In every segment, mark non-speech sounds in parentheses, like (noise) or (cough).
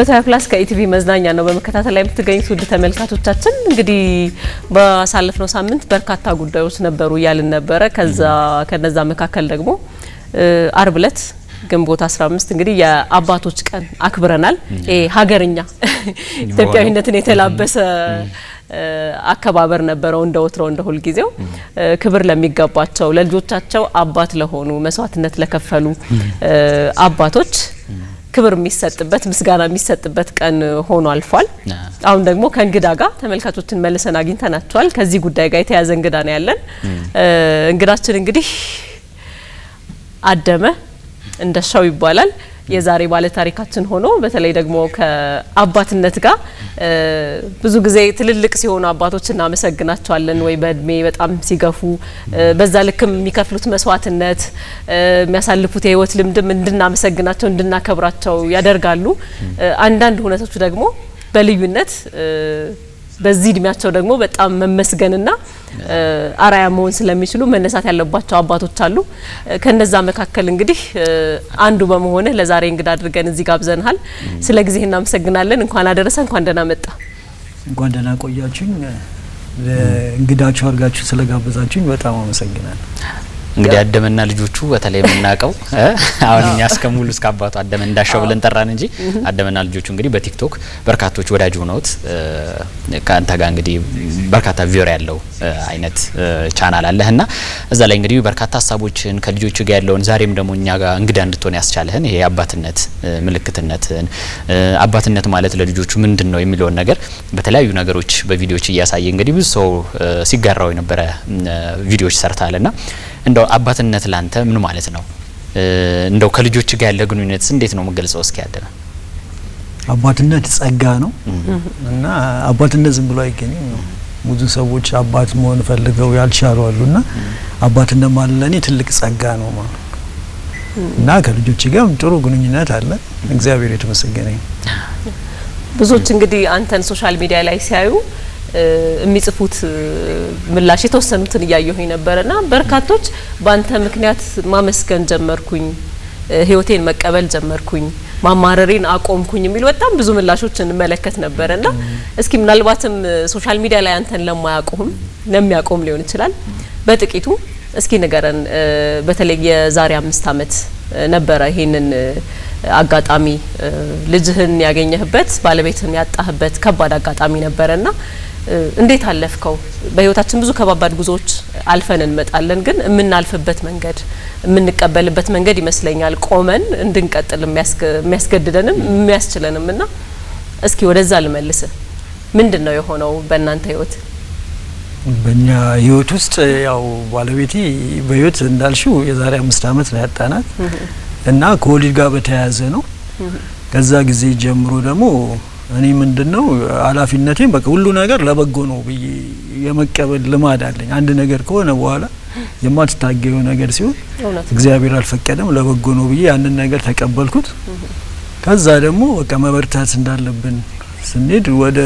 መቶያ ፕላስ ከኢቲቪ መዝናኛ ነው በመከታተል ላይ የምትገኙት ውድ ተመልካቾቻችን። እንግዲህ ባሳለፍነው ሳምንት በርካታ ጉዳዮች ነበሩ እያልን ነበረ። ከዛ ከነዛ መካከል ደግሞ አርብ እለት ግንቦት 15 እንግዲህ የአባቶች ቀን አክብረናል። ሀገርኛ ኢትዮጵያዊነትን የተላበሰ አከባበር ነበረው። እንደ ወትሮው እንደ ሁልጊዜው ክብር ለሚገባቸው ለልጆቻቸው አባት ለሆኑ መስዋዕትነት ለከፈሉ አባቶች ክብር የሚሰጥበት ምስጋና የሚሰጥበት ቀን ሆኖ አልፏል። አሁን ደግሞ ከእንግዳ ጋር ተመልካቾችን መልሰን አግኝተናቸዋል። ከዚህ ጉዳይ ጋር የተያዘ እንግዳ ነው ያለን። እንግዳችን እንግዲህ አደመ እንደሻው ይባላል። የዛሬ ባለታሪካችን ሆኖ በተለይ ደግሞ ከአባትነት ጋር ብዙ ጊዜ ትልልቅ ሲሆኑ አባቶች እናመሰግናቸዋለን ወይ በእድሜ በጣም ሲገፉ በዛ ልክም የሚከፍሉት መስዋዕትነት የሚያሳልፉት የህይወት ልምድም እንድናመሰግናቸው እንድናከብራቸው ያደርጋሉ። አንዳንድ ሁነቶች ደግሞ በልዩነት በዚህ እድሜያቸው ደግሞ በጣም መመስገንና አራያ መሆን ስለሚችሉ መነሳት ያለባቸው አባቶች አሉ። ከነዛ መካከል እንግዲህ አንዱ በመሆንህ ለዛሬ እንግዳ አድርገን እዚህ ጋብዘንሃል። ስለ ጊዜህ እናመሰግናለን። እንኳን አደረሰ፣ እንኳን ደህና መጣ። እንኳን ደህና ቆያችኝ። እንግዳችሁ አድርጋችሁ ስለጋበዛችሁኝ በጣም አመሰግናለሁ። እንግዲህ አደመና ልጆቹ በተለይ የምናውቀው (laughs) አሁን እኛ እስከ ሙሉ እስከ አባቱ አደመ እንዳሻው ብለን ጠራን እንጂ አደመና ልጆቹ እንግዲህ በቲክቶክ በርካቶች ወዳጅ ሆነውት ከአንተ ጋር እንግዲህ በርካታ ቪወር ያለው አይነት ቻናል አለህ እና እዛ ላይ እንግዲህ በርካታ ሀሳቦችን ከልጆቹ ጋር ያለውን ዛሬም ደግሞ እኛ ጋር እንግዳ እንድትሆን ያስቻለህን ይሄ አባትነት ምልክትነትን አባትነት ማለት ለልጆቹ ምንድን ነው የሚለውን ነገር በተለያዩ ነገሮች በቪዲዮዎች እያሳየ እንግዲህ ብዙ ሰው ሲጋራው የነበረ ቪዲዮዎች ሰርታልና እንደው አባትነት ላንተ ምን ማለት ነው? እንደው ከልጆች ጋር ያለ ግንኙነትስ እንዴት ነው የምገልጸው? እስኪ ያደረ አባትነት ጸጋ ነው እና አባትነት ዝም ብሎ አይገኝም ብዙ ሰዎች አባት መሆን ፈልገው ያልቻሉ አሉና አባትነት ማለት ለእኔ ትልቅ ጸጋ ነው ማለት እና ከልጆች ጋር ጥሩ ግንኙነት አለ። እግዚአብሔር የተመሰገነ። ብዙዎች እንግዲህ አንተን ሶሻል ሚዲያ ላይ ሲያዩ የሚጽፉት ምላሽ የተወሰኑትን እያየሁኝ ና በርካቶች በአንተ ምክንያት ማመስገን ጀመርኩኝ፣ ህይወቴን መቀበል ጀመርኩኝ፣ ማማረሬን አቆምኩኝ የሚሉ በጣም ብዙ ምላሾች እንመለከት ነበረ ና እስኪ ምናልባትም ሶሻል ሚዲያ ላይ አንተን ለማያውቁም ለሚያቆም ሊሆን ይችላል በጥቂቱ እስኪ ንገረን። በተለይ የዛሬ አምስት አመት ነበረ ይህንን አጋጣሚ ልጅህን ያገኘህበት ባለቤትህን ያጣህበት ከባድ አጋጣሚ ነበረ ና። እንዴት አለፍከው? በህይወታችን ብዙ ከባባድ ጉዞዎች አልፈን እንመጣለን። ግን የምናልፍበት መንገድ የምንቀበልበት መንገድ ይመስለኛል ቆመን እንድንቀጥል የሚያስገድደንም የሚያስችለንም እና እስኪ ወደዛ ልመልስ። ምንድን ነው የሆነው በእናንተ ህይወት? በእኛ ህይወት ውስጥ ያው ባለቤቴ በህይወት እንዳልሽው የዛሬ አምስት አመት ነው ያጣናት እና ከወሊድ ጋር በተያያዘ ነው። ከዛ ጊዜ ጀምሮ ደግሞ እኔ ምንድነው ኃላፊነቴም በቃ ሁሉ ነገር ለበጎ ነው ብዬ የመቀበል ልማድ አለኝ። አንድ ነገር ከሆነ በኋላ የማትታገየው ነገር ሲሆን እግዚአብሔር አልፈቀደም ለበጎ ነው ብዬ ያንን ነገር ተቀበልኩት። ከዛ ደግሞ በቃ መበርታት እንዳለብን ስንሄድ ወደ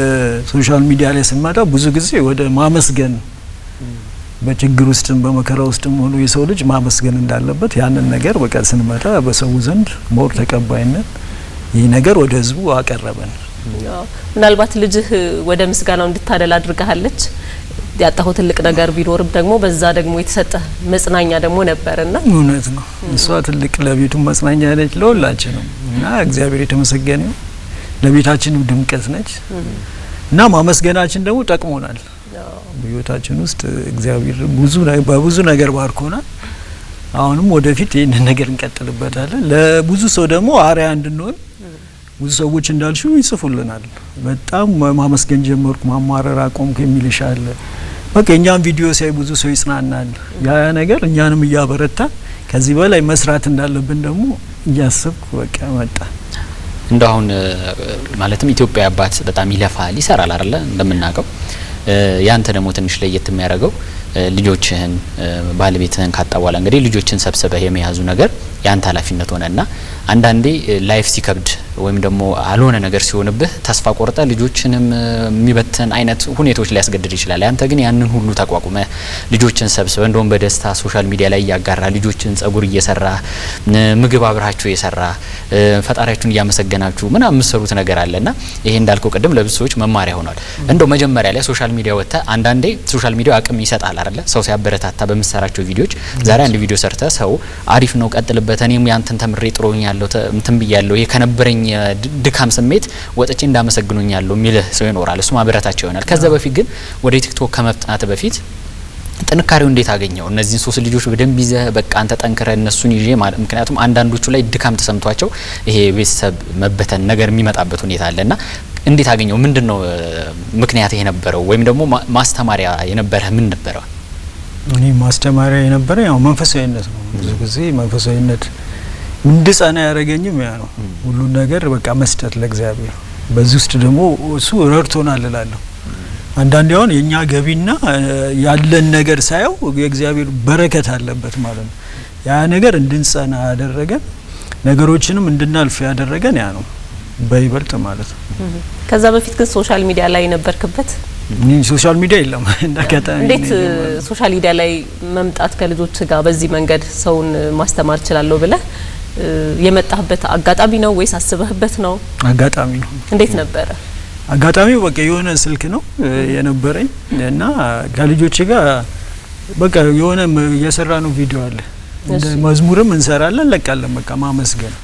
ሶሻል ሚዲያ ላይ ስንመጣ ብዙ ጊዜ ወደ ማመስገን በችግር ውስጥም በመከራ ውስጥም ሆኖ የሰው ልጅ ማመስገን እንዳለበት ያንን ነገር በቃ ስንመጣ በሰው ዘንድ ሞር ተቀባይነት ይህ ነገር ወደ ህዝቡ አቀረበን። ምናልባት ልጅህ ወደ ምስጋናው እንድታደላ አድርጋለች። ያጣሁ ትልቅ ነገር ቢኖርም ደግሞ በዛ ደግሞ የተሰጠ መጽናኛ ደግሞ ነበርና እውነት ነው። እሷ ትልቅ ለቤቱ መጽናኛ ነች ነው እና እግዚአብሔር የተመሰገነው ለቤታችንም ድምቀት ነች እና ማመስገናችን ደግሞ ጠቅሞናል። በህይወታችን ውስጥ እግዚአብሔር ብዙ በብዙ ነገር ባርኮናል። አሁንም ወደፊት ይህንን ነገር እንቀጥልበታለን። ለብዙ ሰው ደግሞ አርአያ እንድንሆን ብዙ ሰዎች እንዳልሹ ይጽፉልናል። በጣም ማመስገን ጀመርኩ፣ ማማረር አቆምኩ የሚል በቃ የእኛም ቪዲዮ ሲያይ ብዙ ሰው ይጽናናል። ያ ነገር እኛንም እያበረታ ከዚህ በላይ መስራት እንዳለብን ደግሞ እያሰብኩ በቃ መጣ። እንደ አሁን ማለትም ኢትዮጵያ አባት በጣም ይለፋል፣ ይሰራል አይደለ? እንደምናውቀው ያንተ ደግሞ ትንሽ ለየት የሚያደርገው ልጆችህን ባለቤትህን ካጣ በኋላ እንግዲህ ልጆችን ሰብስበህ የመያዙ ነገር ያንተ ኃላፊነት ሆነና አንዳንዴ ላይፍ ሲከብድ ወይም ደግሞ አልሆነ ነገር ሲሆንብህ ተስፋ ቆርጠ ልጆችንም የሚበትን አይነት ሁኔታዎች ሊያስገድድ ይችላል። አንተ ግን ያንን ሁሉ ተቋቁመ ልጆችን ሰብስበ እንደውም በደስታ ሶሻል ሚዲያ ላይ እያጋራ ልጆችን ጸጉር እየሰራ ምግብ አብራቸው እየሰራ ፈጣሪያችሁን እያመሰገናችሁ ምን የምትሰሩት ነገር አለ ና ይሄ እንዳልከው ቅድም ለብዙ ሰዎች መማሪያ ሆኗል። እንደው መጀመሪያ ላይ ሶሻል ሚዲያ ወጥተ አንዳንዴ ሶሻል ሚዲያ አቅም ይሰጣል አይደለ? ሰው ሲያበረታታ በምሰራቸው ቪዲዮዎች ዛሬ አንድ ቪዲዮ ሰርተ ሰው አሪፍ ነው ቀጥልበት፣ እኔም ያንተን ተምሬ ጥሮኛለሁ እንትን ብያለሁ ይሄ ከነበረኝ የድካም ስሜት ወጥቼ እንዳመሰግኑኛለሁ የሚልህ ሰው ይኖራል። እሱ ማበረታቸው ይሆናል። ከዛ በፊት ግን ወደ ቲክቶክ ከመፍጣት በፊት ጥንካሬው እንዴት አገኘው? እነዚህን ሶስት ልጆች በደንብ ይዘህ በቃ አንተ ጠንክረ እነሱን ይዤ ማለት ምክንያቱም አንዳንዶቹ ላይ ድካም ተሰምቷቸው ይሄ ቤተሰብ መበተን ነገር የሚመጣበት ሁኔታ ና እንዴት አገኘው? ምንድን ነው ምክንያት የነበረው? ወይም ደግሞ ማስተማሪያ የነበረ ምን ነበረው? እኔ ማስተማሪያ የነበረ ያው መንፈሳዊነት ነው። ብዙ ጊዜ መንፈሳዊነት እንድጸና ያደረገኝም ያ ነው። ሁሉን ነገር በቃ መስጠት ለእግዚአብሔር። በዚህ ውስጥ ደግሞ እሱ ረድቶናል እላለሁ። አንዳንዴ አሁን የእኛ ገቢና ያለን ነገር ሳየው የእግዚአብሔር በረከት አለበት ማለት ነው። ያ ነገር እንድንጸና ያደረገን ነገሮችንም እንድናልፍ ያደረገን ያ ነው በይበልጥ ማለት ነው። ከዛ በፊት ግን ሶሻል ሚዲያ ላይ የነበርክበት? ሶሻል ሚዲያ የለም። (laughs) እንዳጋጣሚ እንዴት ሶሻል ሚዲያ ላይ መምጣት ከልጆች ጋር በዚህ መንገድ ሰውን ማስተማር እችላለሁ ብለህ የመጣህበት አጋጣሚ ነው ወይስ አስበህበት ነው? አጋጣሚ ነው። እንዴት ነበረ? አጋጣሚው በቃ የሆነ ስልክ ነው የነበረኝ እና ከልጆች ጋር በቃ የሆነ የሰራ ነው ቪዲዮ አለ እንደ መዝሙርም እንሰራለን ለቃለን በቃ ማመስገን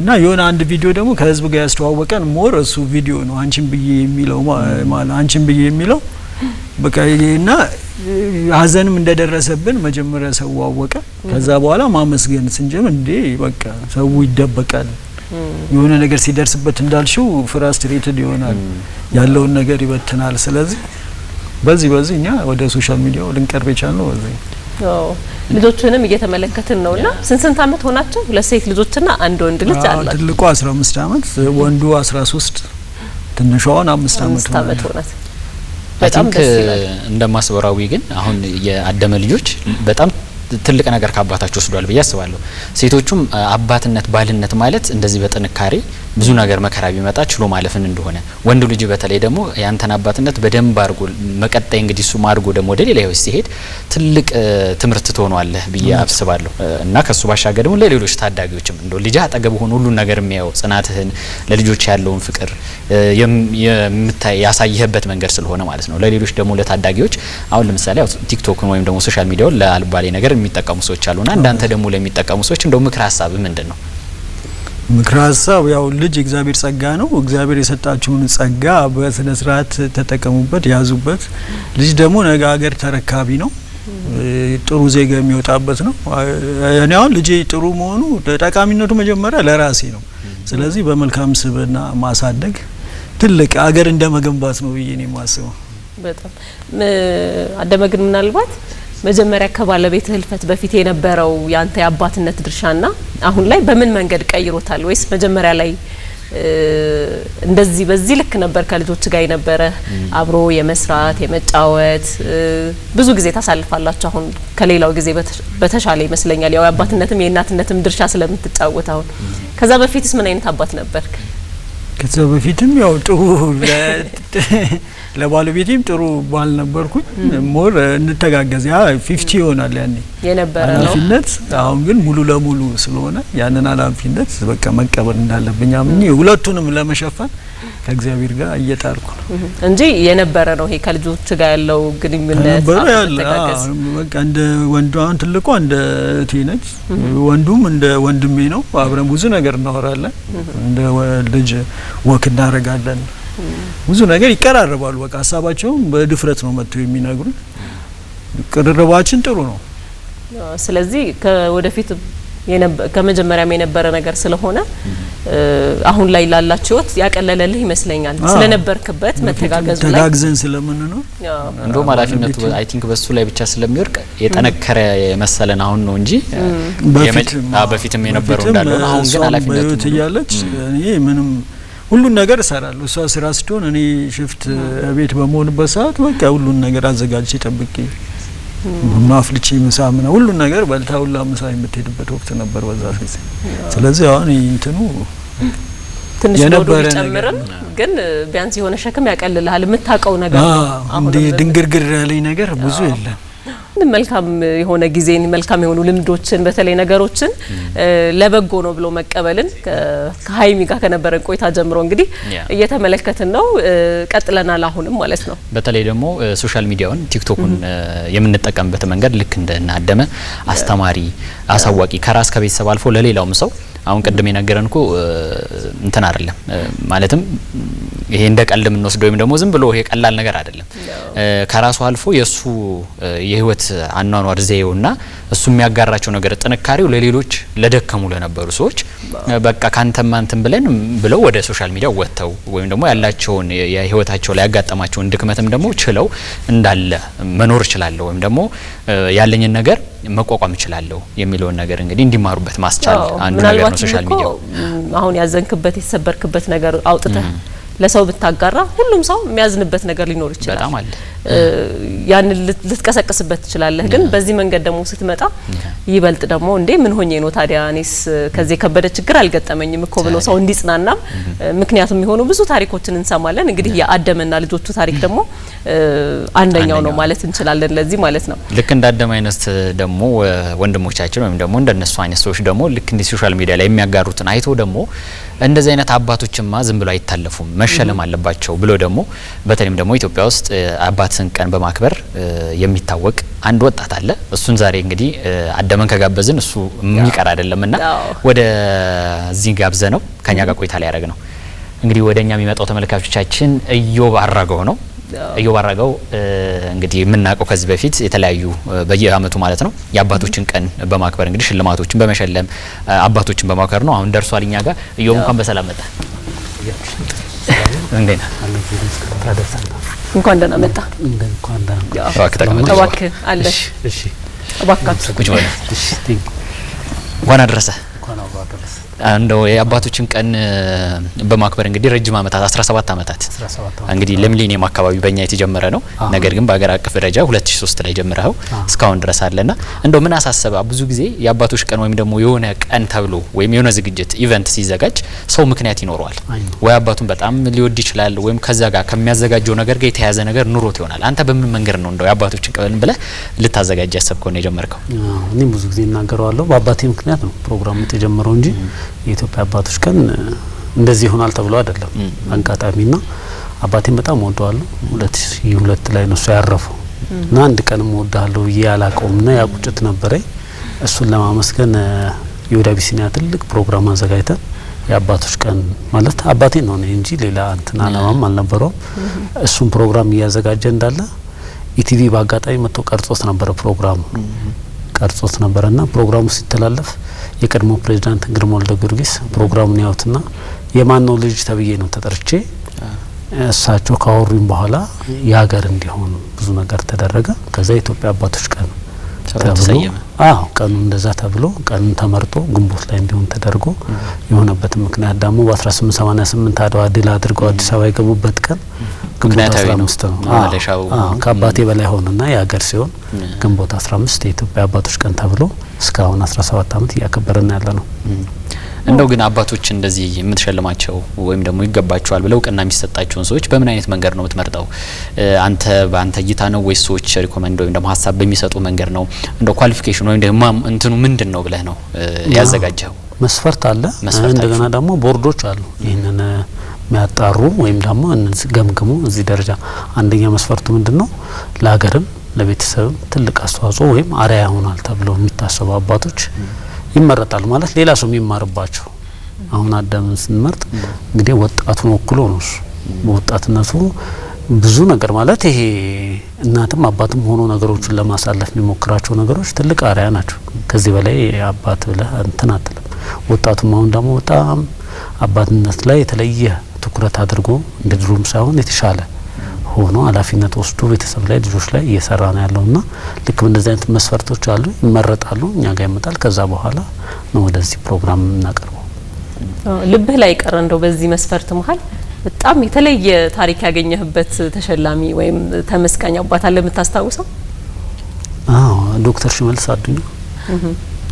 እና የሆነ አንድ ቪዲዮ ደግሞ ከህዝብ ጋር ያስተዋወቀን ሞር እሱ ቪዲዮ ነው አንቺን ብዬ የሚለው ማለት አንቺን ብዬ የሚለው በቃ እና ሀዘንም እንደደረሰብን መጀመሪያ ሰው አወቀ። ከዛ በኋላ ማመስገን ስንጀምር እንዴ በቃ ሰው ይደበቃል የሆነ ነገር ሲደርስበት እንዳልሽው ፍራስትሬትድ ይሆናል፣ ያለውን ነገር ይበትናል። ስለዚህ በዚህ በዚህ እኛ ወደ ሶሻል ሚዲያው ልንቀርብ ነው። በዚህ ልጆችንም እየተመለከትን ነው። እና ስንት ስንት አመት ሆናቸው? ሁለት ሴት ልጆችና አንድ ወንድ ልጅ አላቸው። ትልቁ 15 አመት፣ ወንዱ 13፣ ትንሿን አምስት አመት ሆናት። በጣም uh, እንደማስበራዊ ግን አሁን የአደመ ልጆች በጣም ትልቅ ነገር ከአባታቸው ወስዷል ብዬ አስባለሁ። ሴቶቹም uh, አባትነት ባልነት ማለት እንደዚህ በጥንካሬ ብዙ ነገር መከራ ቢመጣ ችሎ ማለፍን እንደሆነ ወንድ ልጅ በተለይ ደግሞ ያንተን አባትነት በደንብ አድርጎ መቀጣይ እንግዲህ እሱም አድርጎ ደግሞ ወደ ሌላ ህይወት ሲሄድ ትልቅ ትምህርት ትሆኗለህ ብዬ አስባለሁ እና ከሱ ባሻገር ደግሞ ለሌሎች ታዳጊዎችም እንደ ልጅ አጠገብ ሆኖ ሁሉን ነገር የሚያየው ጽናትህን፣ ለልጆች ያለውን ፍቅር ያሳይህበት መንገድ ስለሆነ ማለት ነው። ለሌሎች ደግሞ ለታዳጊዎች አሁን ለምሳሌ ቲክቶክን ወይም ደግሞ ሶሻል ሚዲያውን ለአልባሌ ነገር የሚጠቀሙ ሰዎች አሉና እንዳንተ ደግሞ ለሚጠቀሙ ሰዎች እንደው ምክር ሀሳብ ምንድን ነው? ምክር ሀሳብ ያው ልጅ እግዚአብሔር ጸጋ ነው። እግዚአብሔር የሰጣችሁን ጸጋ በስነ ስርዓት ተጠቀሙበት፣ ያዙበት። ልጅ ደግሞ ነገ ሀገር ተረካቢ ነው፣ ጥሩ ዜጋ የሚወጣበት ነው። እኔ አሁን ልጄ ጥሩ መሆኑ ጠቃሚነቱ መጀመሪያ ለራሴ ነው። ስለዚህ በመልካም ስብዕና ማሳደግ ትልቅ ሀገር እንደ መገንባት ነው ብዬ ነው የማስበው። በጣም አደመግን ምናልባት መጀመሪያ ከባለቤት ህልፈት በፊት የነበረው ያንተ የአባትነት ድርሻና አሁን ላይ በምን መንገድ ቀይሮታል? ወይስ መጀመሪያ ላይ እንደዚህ በዚህ ልክ ነበር ከልጆች ጋር የነበረ አብሮ የመስራት የመጫወት ብዙ ጊዜ ታሳልፋላችሁ። አሁን ከሌላው ጊዜ በተሻለ ይመስለኛል። ያው የአባትነትም የእናትነትም ድርሻ ስለምትጫወት አሁን። ከዛ በፊትስ ምን አይነት አባት ነበርክ? ከዛ በፊትም ያው ጥሩ ለባለቤቴም ጥሩ ባል ነበርኩኝ። ሞር እንተጋገዝ። ያ ፊፍቲ ይሆናል ያኔ የነበረ ኃላፊነት። አሁን ግን ሙሉ ለሙሉ ስለሆነ ያንን ኃላፊነት በቃ መቀበል እንዳለብኝ አምኜ ሁለቱንም ለመሸፈን ከእግዚአብሔር ጋር እየጣርኩ ነው እንጂ የነበረ ነው። ይሄ ከልጆች ጋር ያለው ግንኙነት በቃ እንደ ወንዱ አሁን ትልቋ እንደ እቴ ነች፣ ወንዱም እንደ ወንድሜ ነው። አብረን ብዙ ነገር እናወራለን። እንደ ልጅ ወክ እናደርጋለን። ብዙ ነገር ይቀራረባሉ። በቃ ሀሳባቸውም በድፍረት ነው መጥተው የሚነግሩን። ቅርርባችን ጥሩ ነው። ስለዚህ ከወደፊት ከመጀመሪያም የነበረ ነገር ስለሆነ አሁን ላይ ላላችሁት ያቀለለልህ ይመስለኛል። ስለነበርክበት መተጋገዝ ላይ ተጋግዘን ስለምን ነው እንደውም ኃላፊነቱ አይ ቲንክ በሱ ላይ ብቻ ስለሚወርቅ የጠነከረ የመሰለን አሁን ነው እንጂ በፊትም የነበረው እንዳለ አሁን ግን ኃላፊነቱ እያለች እኔ ምንም ሁሉን ነገር እሰራለሁ። እሷ ስራ ስትሆን እኔ ሽፍት ቤት በመሆንበት ሰዓት በቃ ሁሉን ነገር አዘጋጅቼ ጠብቄ ማፍልቼ ምሳ ምና ሁሉን ነገር በልታ ሁላ ምሳ የምትሄድበት ወቅት ነበር በዛ ጊዜ። ስለዚህ አሁን እንትኑ ትንሽ ጨምርም ግን ቢያንስ የሆነ ሸክም ያቀልልሃል። የምታውቀው ነገር እንዲህ ድንግርግር ያለኝ ነገር ብዙ የለም። መልካም የሆነ ጊዜን መልካም የሆኑ ልምዶችን በተለይ ነገሮችን ለበጎ ነው ብሎ መቀበልን ከሀይሚ ጋር ከነበረን ቆይታ ጀምሮ እንግዲህ እየተመለከትን ነው። ቀጥለናል አሁንም ማለት ነው። በተለይ ደግሞ ሶሻል ሚዲያውን ቲክቶኩን የምንጠቀምበት መንገድ ልክ እንደናደመ አስተማሪ፣ አሳዋቂ ከራስ ከቤተሰብ አልፎ ለሌላውም ሰው አሁን ቅድም የነገረን እኮ እንትን አይደለም ማለትም ይሄ እንደ ቀልድ የምንወስደው ወይም ደግሞ ዝም ብሎ ይሄ ቀላል ነገር አይደለም። ከራሱ አልፎ የእሱ የህይወት አኗኗር ዘዬውና እሱ የሚያጋራቸው ነገር ጥንካሬው ለሌሎች ለደከሙ ለነበሩ ሰዎች በቃ ካንተማ እንትን ብለን ብለው ወደ ሶሻል ሚዲያ ወጥተው ወይም ደግሞ ያላቸውን የህይወታቸው ላይ ያጋጠማቸውን ድክመትም ደግሞ ችለው እንዳለ መኖር እችላለሁ ወይም ደግሞ ያለኝን ነገር መቋቋም እችላለሁ የሚለውን ነገር እንግዲህ እንዲማሩበት ማስቻል አንዱ ነገር ነው። ሶሻል ሚዲያ አሁን ያዘንክበት የተሰበርክበት ነገር አውጥተህ ለሰው ብታጋራ ሁሉም ሰው የሚያዝንበት ነገር ሊኖር ይችላል። በጣም አለ። ያንን ልትቀሰቅስበት ትችላለህ። ግን በዚህ መንገድ ደግሞ ስትመጣ ይበልጥ ደግሞ እንዴ ምን ሆኜ ነው ታዲያ እኔስ ከዚህ የከበደ ችግር አልገጠመኝም እኮ ብሎ ሰው እንዲጽናናም ምክንያቱም የሆኑ ብዙ ታሪኮችን እንሰማለን። እንግዲህ የአደመና ልጆቹ ታሪክ ደግሞ አንደኛው ነው ማለት እንችላለን። ለዚህ ማለት ነው ልክ እንደ አደም አይነት ደግሞ ወንድሞቻችን ወይም ደግሞ እንደነሱ አይነት ሰዎች ደግሞ ልክ እንዲህ ሶሻል ሚዲያ ላይ የሚያጋሩትን አይቶ ደግሞ እንደዚህ አይነት አባቶችማ ዝም ብሎ አይታለፉም መሸለም አለባቸው ብሎ ደግሞ በተለይም ደግሞ ኢትዮጵያ ውስጥ አባትን ቀን በማክበር የሚታወቅ አንድ ወጣት አለ። እሱን ዛሬ እንግዲህ አደመን ከጋበዝን እሱ የሚቀር አይደለም እና ወደዚህ ጋብዘ ነው ከኛ ጋር ቆይታ ላይ ያደረግ ነው። እንግዲህ ወደ እኛ የሚመጣው ተመልካቾቻችን እዮብ አራገው ነው። እዮብ አራገው እንግዲህ የምናውቀው ከዚህ በፊት የተለያዩ በየአመቱ ማለት ነው የአባቶችን ቀን በማክበር እንግዲህ ሽልማቶችን በመሸለም አባቶችን በማክበር ነው። አሁን ደርሷል እኛ ጋር። እዮብ እንኳን በሰላም መጣ። እንዴት እንኳን ደህና መጣ። እባክህ አለሽ። እባክህ እንኳን አደረሰ። እንደው የአባቶችን ቀን በማክበር እንግዲህ ረጅም ዓመታት 17 ዓመታት እንግዲህ ለሚሊኒየም አካባቢ በእኛ የተጀመረ ነው። ነገር ግን በሀገር አቀፍ ደረጃ 2003 ላይ ጀምረው እስካሁን ድረስ አለና እንደው ምን አሳሰበ? ብዙ ጊዜ የአባቶች ቀን ወይም ደግሞ የሆነ ቀን ተብሎ ወይም የሆነ ዝግጅት ኢቨንት ሲዘጋጅ ሰው ምክንያት ይኖረዋል። ወይ አባቱን በጣም ሊወድ ይችላል፣ ወይም ከዛ ጋር ከሚያዘጋጀው ነገር ጋር የተያያዘ ነገር ኑሮት ይሆናል። አንተ በምን መንገድ ነው እንደው የአባቶችን ቀን ብለህ ልታዘጋጅ ያሰብከው ነው የጀመርከው? እኔም ብዙ ጊዜ እናገረዋለሁ፣ በአባቴ ምክንያት ነው ፕሮግራሙ የተጀመረው እንጂ የኢትዮጵያ አባቶች ቀን እንደዚህ ይሆናል ተብሎ አይደለም። አጋጣሚና አባቴን በጣም ወደዋለሁ። ሁለት ሺ ሁለት ላይ ነው እሱ ያረፈው እና አንድ ቀንም ወዳለሁ ብዬ ያላቀውምና ያቁጭት ነበረኝ። እሱን ለማመስገን የወደ አቢሲኒያ ትልቅ ፕሮግራም አዘጋጅተን የአባቶች ቀን ማለት አባቴ ነው እንጂ ሌላ እንትን አላማም አልነበረውም። እሱን ፕሮግራም እያዘጋጀ እንዳለ ኢቲቪ በአጋጣሚ መጥቶ ቀርጾት ነበረ ፕሮግራሙ ቀርጾት ነበረና ፕሮግራሙ ሲተላለፍ የቀድሞ ፕሬዚዳንት ግርማ ወልደ ጊዮርጊስ ፕሮግራሙን ያዩትና የማን ነው ልጅ ተብዬ ነው ተጠርቼ እሳቸው ካወሩኝ በኋላ የሀገር እንዲሆን ብዙ ነገር ተደረገ። ከዛ የኢትዮጵያ አባቶች ቀን አዎ ቀኑ እንደዛ ተብሎ ቀኑን ተመርጦ ግንቦት ላይ እንዲሆን ተደርጎ የሆነበት ምክንያት ደግሞ በ1888 አድዋ ድል አድርገው አዲስ አበባ የገቡበት ቀን ግንቦት 15 ነው። ከአባቴ በላይ ሆኑና የሀገር ሲሆን ግንቦት 15 የኢትዮጵያ አባቶች ቀን ተብሎ እስካሁን 17 ዓመት እያከበርን ያለ ነው። እንደው ግን አባቶች እንደዚህ የምትሸልማቸው ወይም ደግሞ ይገባቸዋል ብለው እውቅና የሚሰጣቸውን ሰዎች በምን አይነት መንገድ ነው የምትመርጠው? አንተ በአንተ እይታ ነው ወይስ ሰዎች ሪኮመንድ ወይም ደግሞ ሀሳብ በሚሰጡ መንገድ ነው? እንደው ኳሊፊኬሽን ወይም ደግሞ እንትኑ ምንድን ነው ብለህ ነው ያዘጋጀው? መስፈርት አለ። እንደገና ደግሞ ቦርዶች አሉ ይህንን የሚያጣሩ ወይም ደግሞ ገምግሙ እዚህ ደረጃ አንደኛ መስፈርቱ ምንድን ነው? ለሀገርም ለቤተሰብም ትልቅ አስተዋጽኦ ወይም አሪያ ይሆናል ተብለው የሚታሰቡ አባቶች ይመረጣሉ ማለት ሌላ ሰው የሚማርባቸው። አሁን አዳምን ስንመርጥ እንግዲህ ወጣቱን ወክሎ ነው እሱ በወጣትነቱ ብዙ ነገር ማለት ይሄ እናትም አባትም ሆኖ ነገሮችን ለማሳለፍ የሚሞክራቸው ነገሮች ትልቅ አርያ ናቸው። ከዚህ በላይ አባት ብለህ እንትን አትልም። ወጣቱም አሁን ደግሞ በጣም አባትነት ላይ የተለየ ትኩረት አድርጎ እንደ ድሮም ሳይሆን የተሻለ ሆኖ ኃላፊነት ወስዶ ቤተሰብ ላይ ልጆች ላይ እየሰራ ነው ያለውና ልክ እንደዚህ አይነት መስፈርቶች አሉ፣ ይመረጣሉ፣ እኛ ጋር ይመጣል። ከዛ በኋላ ነው ወደዚህ ፕሮግራም የምናቀርበው። ልብህ ላይ ቀረ እንደው በዚህ መስፈርት መሀል በጣም የተለየ ታሪክ ያገኘህበት ተሸላሚ ወይም ተመስጋኝ አባት አለ የምታስታውሰው? አዎ ዶክተር ሽመልስ አዱኛ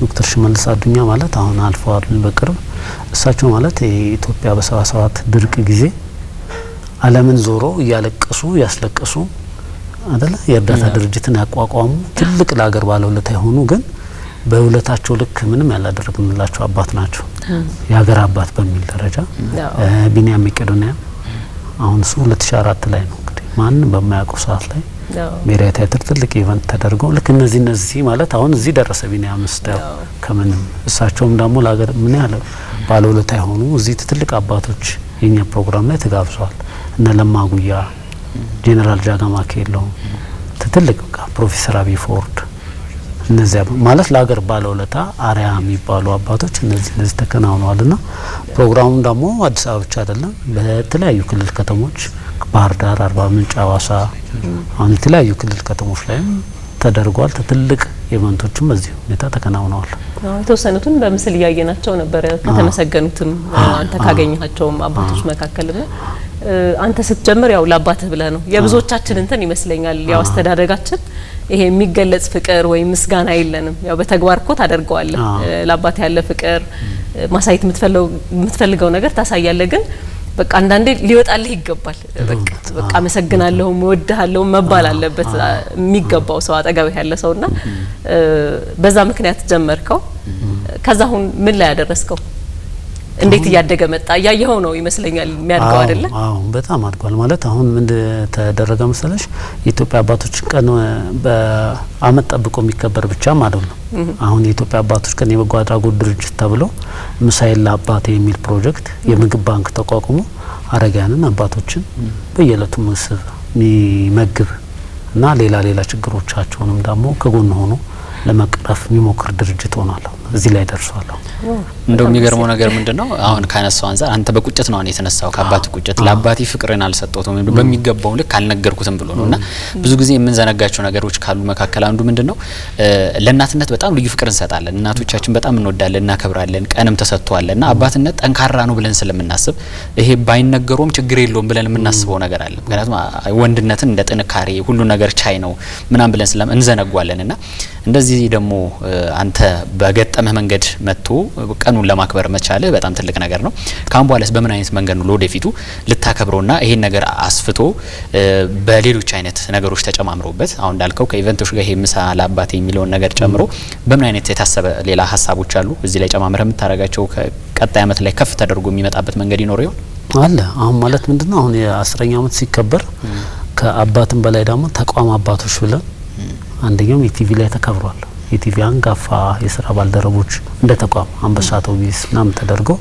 ዶክተር ሽመልስ አዱኛ ማለት አሁን አልፈዋል በቅርብ እሳቸው ማለት የኢትዮጵያ በሰባ ሰባት ድርቅ ጊዜ ዓለምን ዞሮ እያለቀሱ ያስለቀሱ አደለ የእርዳታ ድርጅትን ያቋቋሙ ትልቅ ለሀገር ባለውለታ የሆኑ ግን በውለታቸው ልክ ምንም ያላደረግንላቸው አባት ናቸው። የሀገር አባት በሚል ደረጃ ቢኒያም መቄዶንያ አሁን እሱ ሁለት አራት ላይ ነው እንግዲህ ማንም በማያውቀው ሰዓት ላይ ብሔራዊ ቲያትር ትልቅ ኢቨንት ተደርጎ ልክ እነዚህ እነዚህ ማለት አሁን እዚህ ደረሰ ቢንያም ስታየው ከምንም እሳቸውም ደግሞ ለሀገር ምን ያለ ባለውለታ የሆኑ እዚህ ትልቅ አባቶች የኛ ፕሮግራም ላይ ተጋብዟል። እነ ለማጉያ፣ ጄኔራል ጃጋማ ኬሎ፣ ትልቅ ፕሮፌሰር አብይ ፎርድ እነዚያ ማለት ለሀገር ባለውለታ አሪያ የሚባሉ አባቶች እነዚህ እነዚህ ተከናውነዋል ፕሮግራሙም ደግሞ አዲስ አበባ ብቻ አይደለም፣ በተለያዩ ክልል ከተሞች ባህር ዳር፣ አርባ ምንጭ፣ አዋሳ አሁን የተለያዩ ክልል ከተሞች ላይም ተደርጓል። ትልቅ ኢቨንቶችም በዚህ ሁኔታ ተከናውነዋል። የተወሰኑትን በምስል እያየናቸው ነበረ። ከተመሰገኑትም አንተ ካገኘሃቸውም አባቶች መካከል ነው። አንተ ስትጀምር ያው ለአባትህ ብለህ ነው። የብዙዎቻችን እንትን ይመስለኛል ያው አስተዳደጋችን ይሄ የሚገለጽ ፍቅር ወይም ምስጋና የለንም። ያው በተግባር እኮ ታደርገዋለህ። ለአባትህ ያለ ፍቅር ማሳየት የምትፈልገው ነገር ታሳያለህ ግን በቃ አንዳንዴ ሊወጣልህ ይገባል። በቃ አመሰግናለሁ፣ እወድሃለሁ መባል አለበት የሚገባው ሰው አጠገብህ ያለ ሰውና በዛ ምክንያት ጀመርከው። ከዛ አሁን ምን ላይ ያደረስከው? እንዴት እያደገ መጣ? እያየኸው ነው ይመስለኛል። የሚያድገው አይደለ? አዎ በጣም አድጓል። ማለት አሁን ምን ተደረገ መሰለሽ የኢትዮጵያ አባቶች ቀን በአመት ጠብቆ የሚከበር ብቻ ማለት ነው። አሁን የኢትዮጵያ አባቶች ቀን የበጎ አድራጎት ድርጅት ተብሎ ምሳዬን ለአባቴ የሚል ፕሮጀክት የምግብ ባንክ ተቋቁሞ አረጋያንን አባቶችን በየእለቱ ምግብ የሚመግብ እና ሌላ ሌላ ችግሮቻቸውንም ደግሞ ከጎን ሆኖ ለመቅረፍ የሚሞክር ድርጅት ሆኗል። እዚህ ላይ ደርሷለሁ። እንደው የሚገርመው ነገር ምንድን ነው አሁን ካነሳው አንጻር አንተ በቁጭት ነው የተነሳው ከአባት ቁጭት ለአባቴ ፍቅርን አልሰጠሁትም በሚገባው ልክ አልነገርኩትም ብሎ ነው እና ብዙ ጊዜ የምንዘነጋቸው ነገሮች ካሉ መካከል አንዱ ምንድን ነው ለእናትነት በጣም ልዩ ፍቅር እንሰጣለን። እናቶቻችን በጣም እንወዳለን፣ እናከብራለን፣ ቀንም ተሰጥቷል እና አባትነት ጠንካራ ነው ብለን ስለምናስብ ይሄ ባይነገሩም ችግር የለውም ብለን የምናስበው ነገር አለ። ምክንያቱም ወንድነትን እንደ ጥንካሬ ሁሉ ነገር ቻይ ነው ምናም ብለን ስለ እንዘነጓለን እና እንደዚህ ደግሞ አንተ በገጠ በገጠመህ መንገድ መጥቶ ቀኑን ለማክበር መቻልህ በጣም ትልቅ ነገር ነው። ካሁን በኋላስ በምን አይነት መንገድ ነው ለወደፊቱ ልታከብረውና ይሄን ነገር አስፍቶ በሌሎች አይነት ነገሮች ተጨማምሮበት አሁን እንዳልከው ከኢቨንቶች ጋር ይሄ ምሳ ለአባቴ የሚለውን ነገር ጨምሮ በምን አይነት የታሰበ ሌላ ሀሳቦች አሉ? እዚህ ላይ ጨማምረ የምታደርጋቸው ቀጣይ አመት ላይ ከፍ ተደርጎ የሚመጣበት መንገድ ይኖር ይሆን? አለ አሁን ማለት ምንድነው አሁን የአስረኛ አመት ሲከበር ከአባትም በላይ ደግሞ ተቋም አባቶች ብለን አንደኛውም ኢቲቪ ላይ ተከብሯል። የኢቲቪ አንጋፋ የስራ ባልደረቦች እንደ ተቋም አንበሳ ቶቢስ ምናምን ተደርገው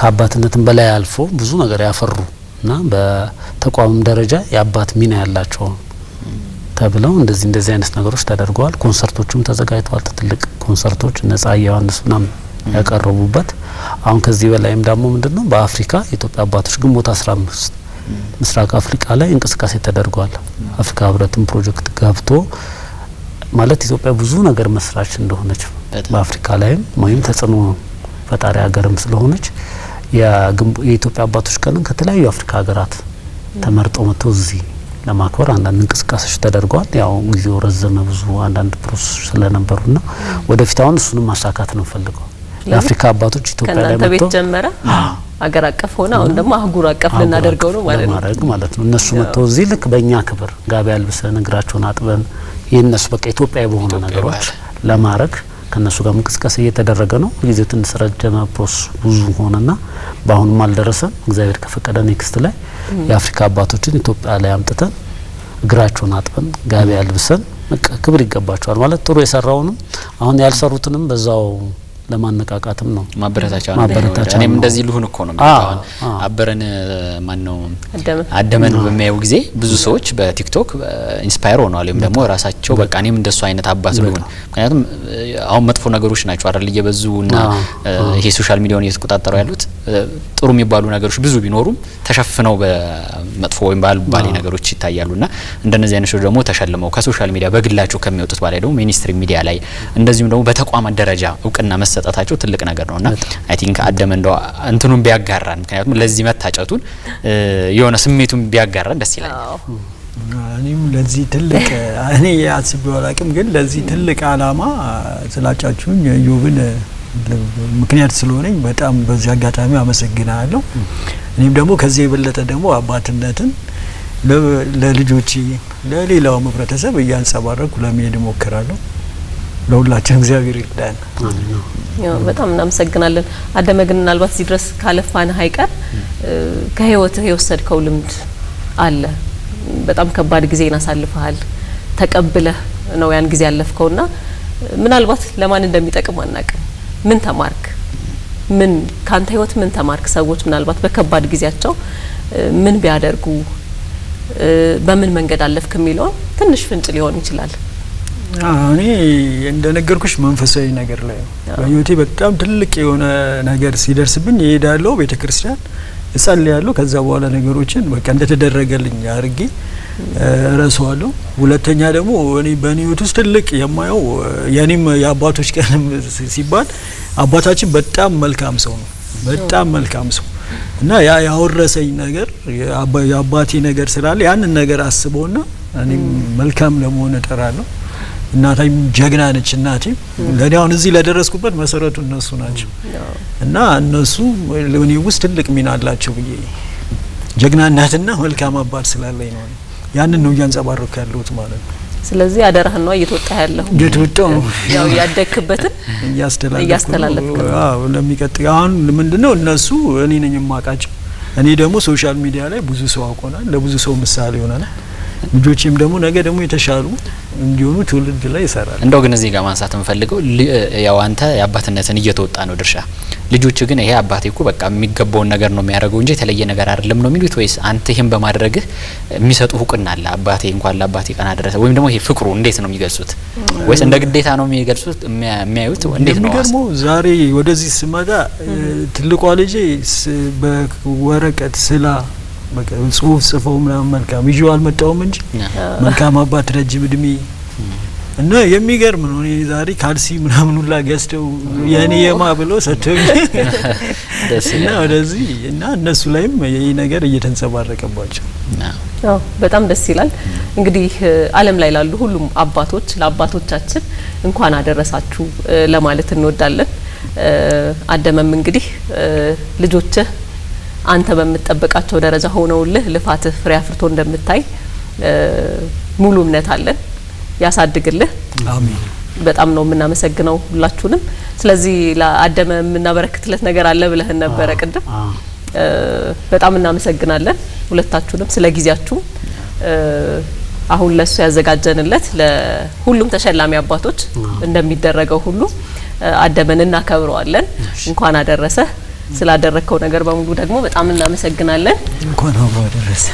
ከአባትነትም በላይ አልፎ ብዙ ነገር ያፈሩ እና በተቋምም ደረጃ የአባት ሚና ያላቸው ተብለው እንደዚህ እንደዚህ አይነት ነገሮች ተደርገዋል። ኮንሰርቶቹም ተዘጋጅተዋል። ትልቅ ኮንሰርቶች ነጻ የዮሐንስ ምናምን ያቀረቡበት አሁን ከዚህ በላይም ደግሞ ነው በአፍሪካ የኢትዮጵያ አባቶች ግንቦት አምስት ምስራቅ አፍሪካ ላይ እንቅስቃሴ ተደርገዋል። አፍሪካ ህብረትን ፕሮጀክት ገብቶ ማለት ኢትዮጵያ ብዙ ነገር መስራች እንደሆነች በአፍሪካ ላይም ወይም ተጽዕኖ ፈጣሪ ሀገርም ስለሆነች የኢትዮጵያ አባቶች ቀንን ከተለያዩ አፍሪካ ሀገራት ተመርጦ መጥተው እዚህ ለማክበር አንዳንድ እንቅስቃሴዎች ተደርገዋል። ያው ጊዜው ረዘመ፣ ብዙ አንዳንድ ፕሮሰሶች ስለነበሩና ወደፊት አሁን እሱንም ማሳካት ነው ፈልገው የአፍሪካ አባቶች ኢትዮጵያ ላይ መጥተው ጀመረ። አገር አቀፍ ሆነ። አሁን ደግሞ አህጉር አቀፍ ልናደርገው ነው ማለት ነው ማለት ነው። እነሱ መጥተው እዚህ ልክ በእኛ ክብር ጋቢ አልብሰን እግራቸውን አጥበን የእነሱ በቃ ኢትዮጵያ በሆኑ ነገሮች ለማድረግ ከእነሱ ጋር እንቅስቃሴ እየተደረገ ነው። ጊዜ ትንሽ ረጀመ፣ ፕሮሰስ ብዙ ሆነና በአሁኑም አልደረሰም። እግዚአብሔር ከፈቀደ ኔክስት ላይ የአፍሪካ አባቶችን ኢትዮጵያ ላይ አምጥተን እግራቸውን አጥበን ጋቢ ልብሰን ክብር ይገባቸዋል ማለት ጥሩ የሰራውንም አሁን ያልሰሩትንም በዛው ለማነቃቃትም ነው ማበረታቻ ማበረታቻ። እኔም እንደዚህ ልሁን እኮ ነው የሚባለው። አበረን ማን ነው አደመን በሚያየው ጊዜ ብዙ ሰዎች በቲክቶክ ኢንስፓየር ሆነዋል፣ ወይም ደግሞ ራሳቸው በቃ እኔም እንደሱ አይነት አባት ልሁን። ምክንያቱም አሁን መጥፎ ነገሮች ናቸው አይደል እየበዙ እና ይሄ ሶሻል ሚዲያውን እየተቆጣጠሩ ያሉት። ጥሩ የሚባሉ ነገሮች ብዙ ቢኖሩም ተሸፍነው በመጥፎ ወይም ባልባሌ ነገሮች ይታያሉና እንደነዚህ አይነት ሰዎች ደግሞ ተሸልመው ከሶሻል ሚዲያ በግላቸው ከሚወጡት ባላይ ደግሞ ሚኒስትሪ ሚዲያ ላይ እንደዚሁም ደግሞ በተቋማት ደረጃ እውቅና መሰ መሰጠታቸው ትልቅ ነገር ነው እና አይ ቲንክ አደም እንደው እንትኑን ቢያጋራን፣ ምክንያቱም ለዚህ መታጨቱን የሆነ ስሜቱን ቢያጋራን ደስ ይላል። እኔም ለዚህ ትልቅ እኔ አስቤው አላቅም፣ ግን ለዚህ ትልቅ አላማ ስላጫችሁኝ ዮብን ምክንያት ስለሆነኝ በጣም በዚህ አጋጣሚ አመሰግናለሁ። እኔም ደግሞ ከዚህ የበለጠ ደግሞ አባትነትን ለልጆቼ ለሌላው ህብረተሰብ እያንጸባረኩ ለመሄድ እሞክራለሁ። ለሁላችን እግዚአብሔር ይርዳን። በጣም እናመሰግናለን። አደመ ግን ምናልባት እዚህ ድረስ ካለፋን አይቀር ከህይወትህ የወሰድከው ልምድ አለ። በጣም ከባድ ጊዜን አሳልፈሃል። ተቀብለህ ነው ያን ጊዜ ያለፍከውና ምናልባት ለማን እንደሚጠቅም አናቅም። ምን ተማርክ? ምን ካንተ ህይወት ምን ተማርክ? ሰዎች ምናልባት በከባድ ጊዜያቸው ምን ቢያደርጉ በምን መንገድ አለፍክ የሚለውን ትንሽ ፍንጭ ሊሆን ይችላል። እኔ እንደነገርኩሽ መንፈሳዊ ነገር ላይ በህይወቴ በጣም ትልቅ የሆነ ነገር ሲደርስብኝ እሄዳለሁ ቤተ ክርስቲያን እጸልያለሁ። ከዛ በኋላ ነገሮችን በቃ እንደተደረገልኝ አድርጌ እረሳዋለሁ። ሁለተኛ ደግሞ እኔ በእኔ ህይወት ውስጥ ትልቅ የማየው የኔም የአባቶች ቀንም ሲባል አባታችን በጣም መልካም ሰው ነው። በጣም መልካም ሰው እና ያ ያወረሰኝ ነገር የአባቴ ነገር ስላለ ያንን ነገር አስበውና እኔም መልካም ለመሆን እጠራለሁ። እናቴም ጀግና ነች። እናቴ ለእኔ አሁን እዚህ ለደረስኩበት መሰረቱ እነሱ ናቸው እና እነሱ እኔ ውስጥ ትልቅ ሚና አላቸው ብዬ ጀግና እናትና መልካም አባት ስላለኝ ነው። ያንን ነው እያንጸባረኩ ያለሁት ማለት ነው። ስለዚህ አደራህን ነው እየተወጣ ያለው እየተወጣው ያው ያደክበትን እያስተላለፍክ ለሚቀጥለው። አሁን ምንድነው እነሱ እኔ ነኝ የማውቃቸው። እኔ ደግሞ ሶሻል ሚዲያ ላይ ብዙ ሰው አውቆናል፣ ለብዙ ሰው ምሳሌ ይሆናል። ልጆችም ደግሞ ነገ ደግሞ የተሻሉ እንዲሆኑ ትውልድ ላይ ይሰራል። እንደው ግን እዚህ ጋር ማንሳት የምፈልገው ያው አንተ የአባትነትን እየተወጣ ነው ድርሻ፣ ልጆች ግን ይሄ አባቴ እኮ በቃ የሚገባውን ነገር ነው የሚያደርገው እንጂ የተለየ ነገር አይደለም ነው የሚሉት? ወይስ አንተ ይህን በማድረግህ የሚሰጡ እውቅና አለ አባቴ እንኳን ለአባቴ ቀን አደረሰ ወይም ደግሞ ይሄ ፍቅሩ እንዴት ነው የሚገልጹት? ወይስ እንደ ግዴታ ነው የሚገልጹት የሚያዩት? እንዴት ነው ደግሞ? ዛሬ ወደዚህ ስመጣ ትልቋ ልጄ በወረቀት ስላ በቃ ጽሁፍ ጽፈው ምናምን መልካም ይዤው አልመጣውም እንጂ መልካም አባት ረጅም እድሜ እና የሚገርም ነው። እኔ ዛሬ ካልሲ ምናምን ሁላ ገዝተው የኔ የማ ብሎ ሰጥተው (laughs) እና ወደዚህ እና እነሱ ላይም ይህ ነገር እየተንጸባረቀባቸው በጣም ደስ ይላል። እንግዲህ ዓለም ላይ ላሉ ሁሉም አባቶች ለአባቶቻችን እንኳን አደረሳችሁ ለማለት እንወዳለን። አደመም እንግዲህ ልጆችህ አንተ በምትጠብቃቸው ደረጃ ሆነውልህ ልፋትህ ፍሬ አፍርቶ እንደምታይ ሙሉ እምነት አለን። ያሳድግልህ። አሜን። በጣም ነው የምናመሰግነው ሁላችሁንም። ስለዚህ ለአደመ የምናበረክትለት ነገር አለ ብለህን ነበረ ቅድም። በጣም እናመሰግናለን ሁለታችሁንም ስለ ጊዜያችሁ። አሁን ለሱ ያዘጋጀንለት ለሁሉም ተሸላሚ አባቶች እንደሚደረገው ሁሉ አደመን እናከብረዋለን። እንኳን አደረሰ። ስላደረግከው ነገር በሙሉ ደግሞ በጣም እናመሰግናለን። እንኳን አብሮ አደረሰ።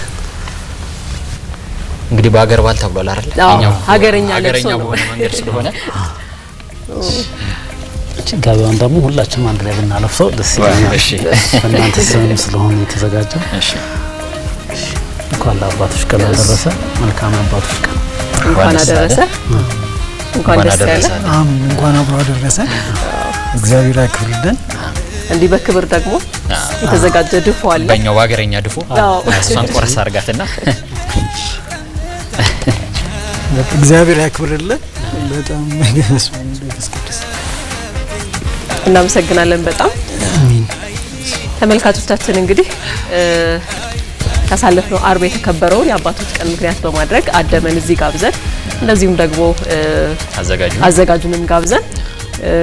እንግዲህ በሀገር ባል ተብሏል አይደል? አዎ ሀገረኛ ለቅሶ ነው መንገድ ስለሆነ ጋቢውን ደግሞ ሁላችንም አንድ ላይ ብናለብሰው ደስ ይለኛል። እሺ እናንተ ስም ስለሆነ የተዘጋጀው እሺ፣ እንኳን ለአባቶች ቀን አደረሰ። መልካም አባቶች ቀን እንኳን አደረሰ። እንኳን ደስ ያለ። አሜን። እንኳን አብሮ አደረሰ። እግዚአብሔር ያክብርልን። እንዲህ በክብር ደግሞ የተዘጋጀ ድፎ አለ። በእኛው በሀገረኛ ድፎ እሷን ቆረስ አርጋትና እግዚአብሔር ያክብርልን። በጣም እናመሰግናለን። በጣም ተመልካቾቻችን እንግዲህ ያሳለፍነው አርብ የተከበረውን የአባቶች ቀን ምክንያት በማድረግ አደመን እዚህ ጋብዘን እንደዚሁም ደግሞ አዘጋጁንም ጋብዘን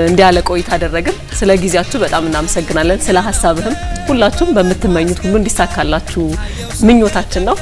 እንዲያለ ቆይታ አደረግን። ስለ ጊዜያችሁ በጣም እናመሰግናለን። ስለ ሀሳብህም ሁላችሁም በምትመኙት ሁሉ እንዲሳካላችሁ ምኞታችን ነው።